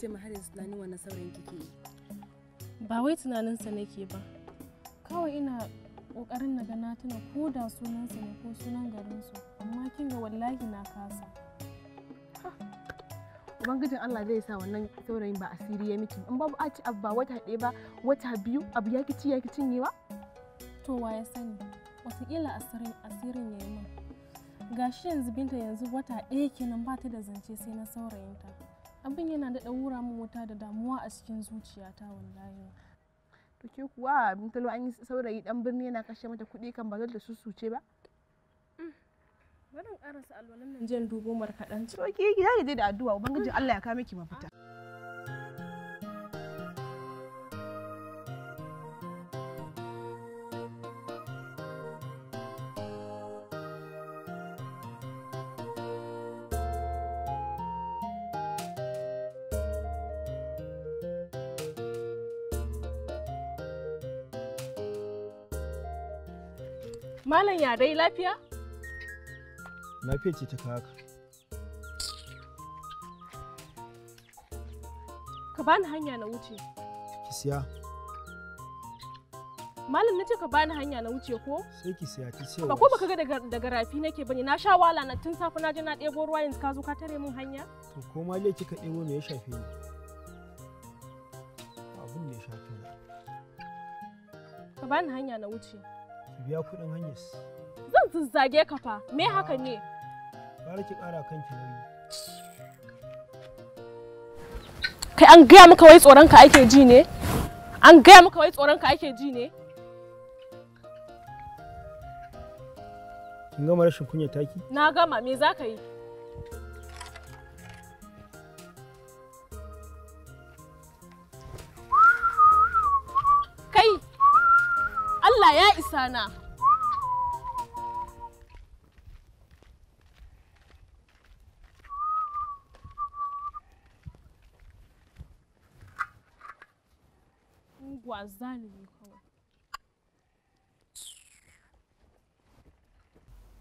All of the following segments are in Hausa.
ce ma har yanzu tunanin wannan saurayin kike yi ba wai tunaninsa nake ba kawai ina kokarin na ga na tuna ko da sunansa ne ko sunan garinsu amma kin ga wallahi na kasa ubangijin Allah zai sa wannan saurayin ba asiri ya miki in babu aci abu ba wata ɗaya ba wata biyu abu ya kici ya kicin ba. to wa ya sani wataƙila asirin asirin ya yi min gashi yanzu binta yanzu wata ɗaya kenan ba ta da zance sai na saurayinta abin yana da ɗaura min wuta da damuwa a cikin zuciyata wallahi to ke kuwa abin talo an yi saurayi dan birni yana kashe mata kuɗi kan ba da susuce ba barin karasa alwalan nan jan dubo markadan to ke gida da addu'a ubangiji Allah ya kawo miki mafita Malam ya dai lafiya? Lafiya ce ta haka. Ka bani hanya na wuce. Ki siya. Malam nace ka bani hanya na wuce ko? Sai ki siya ki siya. Ba ko baka ga daga daga rafi nake bane na sha wala na tun safe na je na ɗebo ruwa yanzu ka zo ka tare min hanya. To ko ma kika ɗebo me ya shafe ni? Abun ne ya shafe ni. Ka bani hanya na wuce. ki biya kuɗin hanyar zan zage ka fa me haka ne bari ki ƙara kanki nauyi kai an gaya maka wai tsoron ka ake ji ne an gaya maka wai tsoron ka ake ji ne kin gama rashin kunya taki na gama me za ka yi sana.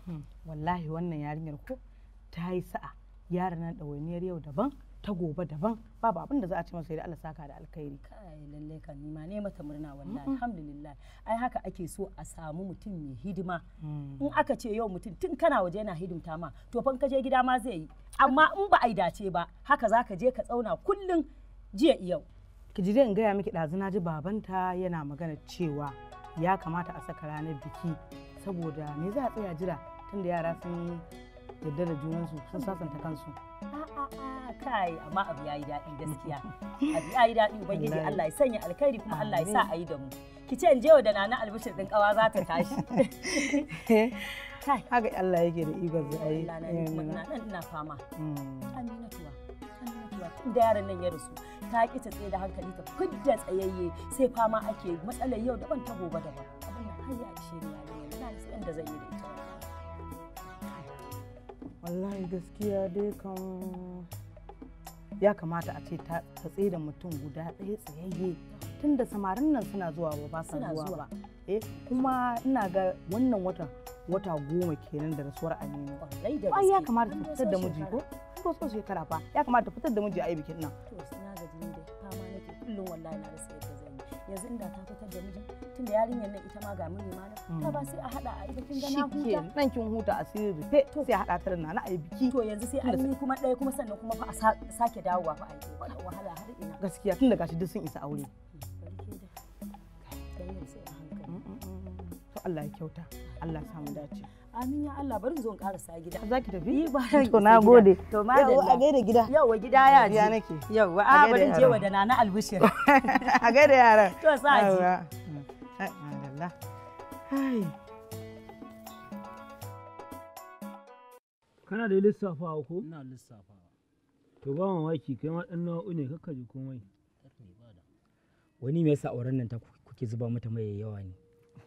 Hmm, wallahi wannan yarinyar ko ta yi sa'a yaran nan ɗawainiyar yau daban ta gobe daban babu abin da za a ce masa da Allah saka da alkhairi. wallahi lalle kan nima ne mata murna wallahi alhamdulillah ai haka ake so a samu mutum mai hidima mm. in aka ce yau mutum tun kana waje yana hidimta ma to fa ka je gida ma zai yi amma in ba a yi dace ba haka zaka je ka tsauna kullum jiya yau ki ji in gaya miki ɗazu na ji babanta yana magana cewa ya kamata a saka ranar biki saboda me za a tsaya jira tunda yara sun yarda da junansu sun sasanta kansu ah, kai amma abu yayi daɗi gaskiya abu yayi daɗi ubangiji Allah ya sanya alkhairi kuma Allah ya sa a yi da mu ki ce in je da nana albishir din kawa za ta tashi kai haka Allah yake da ibar na nan ina fama mm. aminatuwa aminatuwa tun da yaran nan ya rasu ta ki ta tsaye da hankali ta kudda tsayayye sai fama ake matsalar yau daban ta gobe daban abin nan har ya ishe ni ya ne ina da zan yi da ita wallahi gaskiya dai kan ya kamata a ce ta tsaye da mutum guda ɗaya tsayayye tun da samarin nan suna zuwa ba ba sa zuwa ba eh kuma ina ga wannan watan wata goma kenan da rasuwar aminu ba ya kamata ta fitar da miji ko ko so shekara fa ya kamata ta fitar da miji a yi bikin nan to suna ga jini da fama nake kullum wallahi na rasa yanzu inda ta fitar da mijin tunda yarinyar nan ita ma ga mini ma na ta ba sai a hada a ita kin ga na huta nan kin huta a sai rufe to sai hada ta da nana ai biki to yanzu sai an yi kuma ɗaya kuma sannan kuma fa a sake dawowa fa ai wahala har ina gaskiya tunda gashi duk sun isa aure mm, mm, mm. to Allah ya kyauta Allah samu dace amin ya Allah bari zo in karasa gida za ki tafi ba to na gode to ma yau a gaida gida Yau wa gida ya ji ya nake yawa a bari je wa da nana albishir a gaida yaran to sa ji Allah kana da lissafa ko ina lissafa. to ba mu waki kai ma dan nawa ne kakka ji komai wani me yasa auren nan ta kuke zuba mata mai yawa ne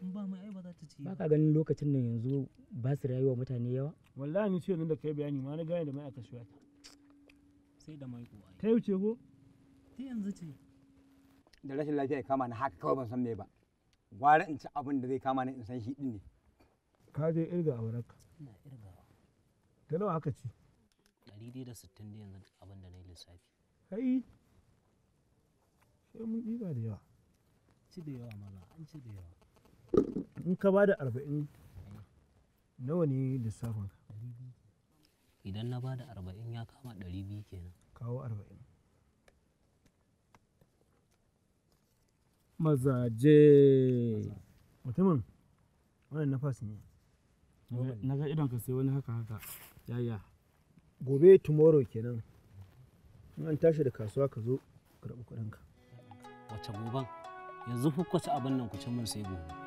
ba ma ai ba za ta ci ba ka ganin lokacin nan yanzu ba su rayuwa mutane yawa wallahi ni ce nan da kai bayani ma na gane da mai aka shiwa ta sai da mai kuwa ta yau ce ko ta yanzu ce da rashin lafiya ya kama na haka kawai ban san me ba gwara in ci abin da zai kama ni in san shi din ne ka je irga a wurinka ina irgawa ta nawa aka ci ɗari dai da sittin da yanzu abin da na yi lissafi kai sai mun ɗiba da yawa ci da yawa mala an ci da yawa in ka ba da arba'in nawa ne lissafin idan na ba da arba'in ya kama ɗari biyu kenan kawo arba'in mazaje mutumin wannan nafas ne na ga idan ka sai wani haka haka yaya gobe tomorrow kenan in an tashi da kasuwa ka zo karɓi kuɗinka Wacce goban yanzu hukwace abin nan ku ci mun sai gobe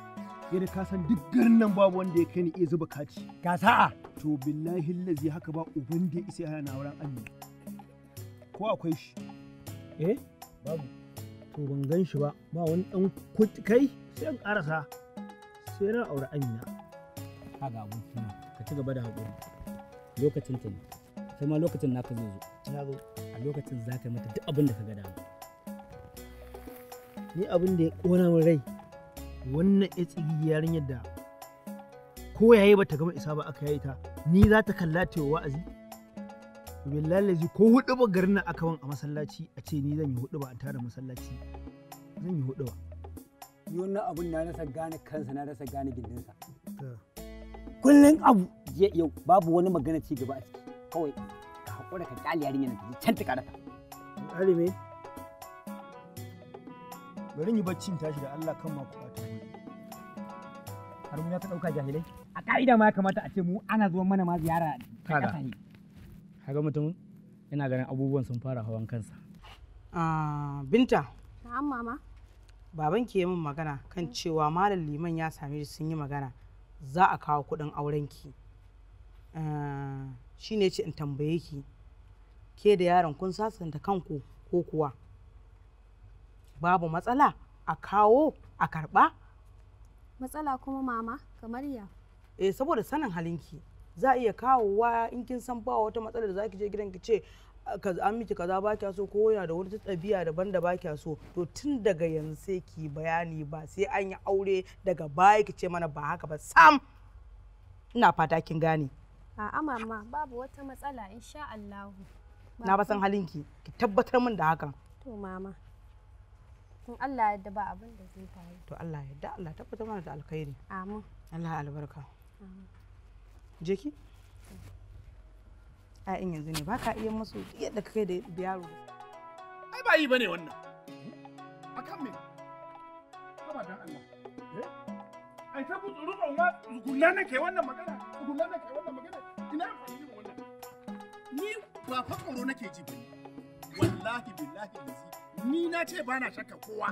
yadda ka san duk garin nan babu wanda ya kai ni iya zuba kaci. ga sa'a to billahi lazi haka ba uban da ya isa yana na wurin annu ko akwai shi eh babu to ban gan shi ba ba wani dan kai sai an karasa sai na aure amina Ha ga abokina ka ci gaba da haƙuri lokacin ta ne sai ma lokacin naka zai zo na zo a lokacin za ka mata duk abin da ka ga dama ni abin da ya kona min rai wannan ya yarin yarinyar da ko yayi bata gama isa ba aka yi ta ni za ta kalla ta wa'azi billahi ko hudu ba garin nan aka ban a masallaci a ce ni zan yi hudu ba a tara masallaci zan yi hudu ba ni wannan abun na rasa gane kansa na rasa gane gindinsa kullum abu yau babu wani magana ci gaba a ciki kawai ka haƙura ka kyali yarin na ta can ta karata. alimi bari yi baccin tashi da Allah kan ma kuɓata Haruna ta dauka jahilai a ka'ida ma ya kamata a ce mu ana zuwa mana ma ziyara ta ƙasa ne kaga mutum yana ganin abubuwan sun fara hawan kansa ah, binta na'am mama baban ke min magana kan cewa malam liman ya same shi sun yi magana za a kawo kuɗin aurenki ah, shine ce in tambaye ki ke da yaron kun sasanta kanku ko kuwa babu matsala a kawo a karɓa matsala kuma mama kamar ya eh saboda sanin halinki za a iya kawowa in kin san ba wata matsala da zaki je gidan ki ce an miki kaza ba kya so ko yana da wata ɗabi'a daban da ba kya so to tun daga yanzu sai ki bayani ba sai an yi aure daga baya ki ce mana ba haka ba sam ina fata kin gane a'a mama babu wata matsala insha Allah na ba san halinki ki tabbatar min da hakan to mama in Allah ya yarda ba abin da zai faru to Allah ya yarda Allah tabbatar mana da alkhairi amin Allah albarka amin je ki a in yanzu ne baka iya musu yadda kai da yaro ai ba yi bane wannan akan me ba dan Allah eh? ai ta gutsuru ban ma tsugunna nake wannan magana tsugunna nake wannan magana ina fahimtar wannan ni ba fa tsoro nake ji bane wallahi billahi ni na ce ba na shakka kowa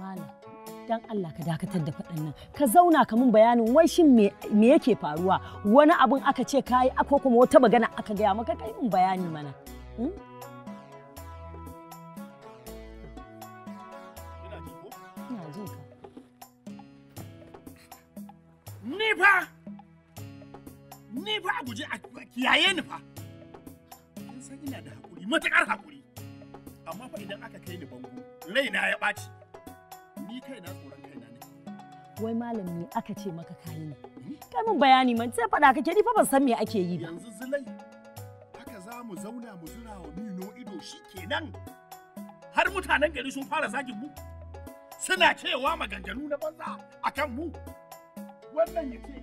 mala dan Allah ka dakatar da faɗan nan ka zauna ka mun bayanin wai shin me yake faruwa wani abin aka ce kai ko kuma wata magana aka gaya maka kai mun bayani mana hmm? Ni fa, ni fa a guje a kiyaye ni fa. Kin san ina da matuƙar haƙuri amma fa idan aka kai ni bango raina ya ɓaci ni kaina tsoron kaina ne wai malam ne aka ce maka kayi hmm? kai mun bayani man sai faɗa kake ni fa ban san me ake yi ba yanzu zulai haka za mu zauna mu zura wa mino ido shi kenan har mutanen gari sun fara zagin mu suna cewa maganganu na banza akan mu wannan ya ce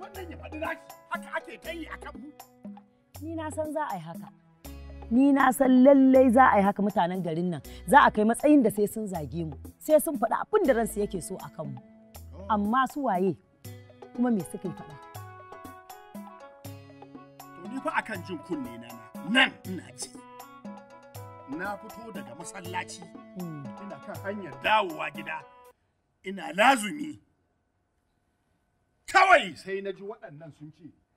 wannan ya faɗi naki haka ake ta yi akan mu ni na san za a yi haka ni na san lallai za a yi haka mutanen garin nan za a kai matsayin da sai sun zage mu sai sun faɗa abin da ransu yake so a kanmu amma su waye kuma me suka yi faɗa ni fa akan jin kunne na nan ina ci na fito daga masallaci hmm. ina kan hanyar dawowa gida ina lazumi kawai sai na ji waɗannan sun ce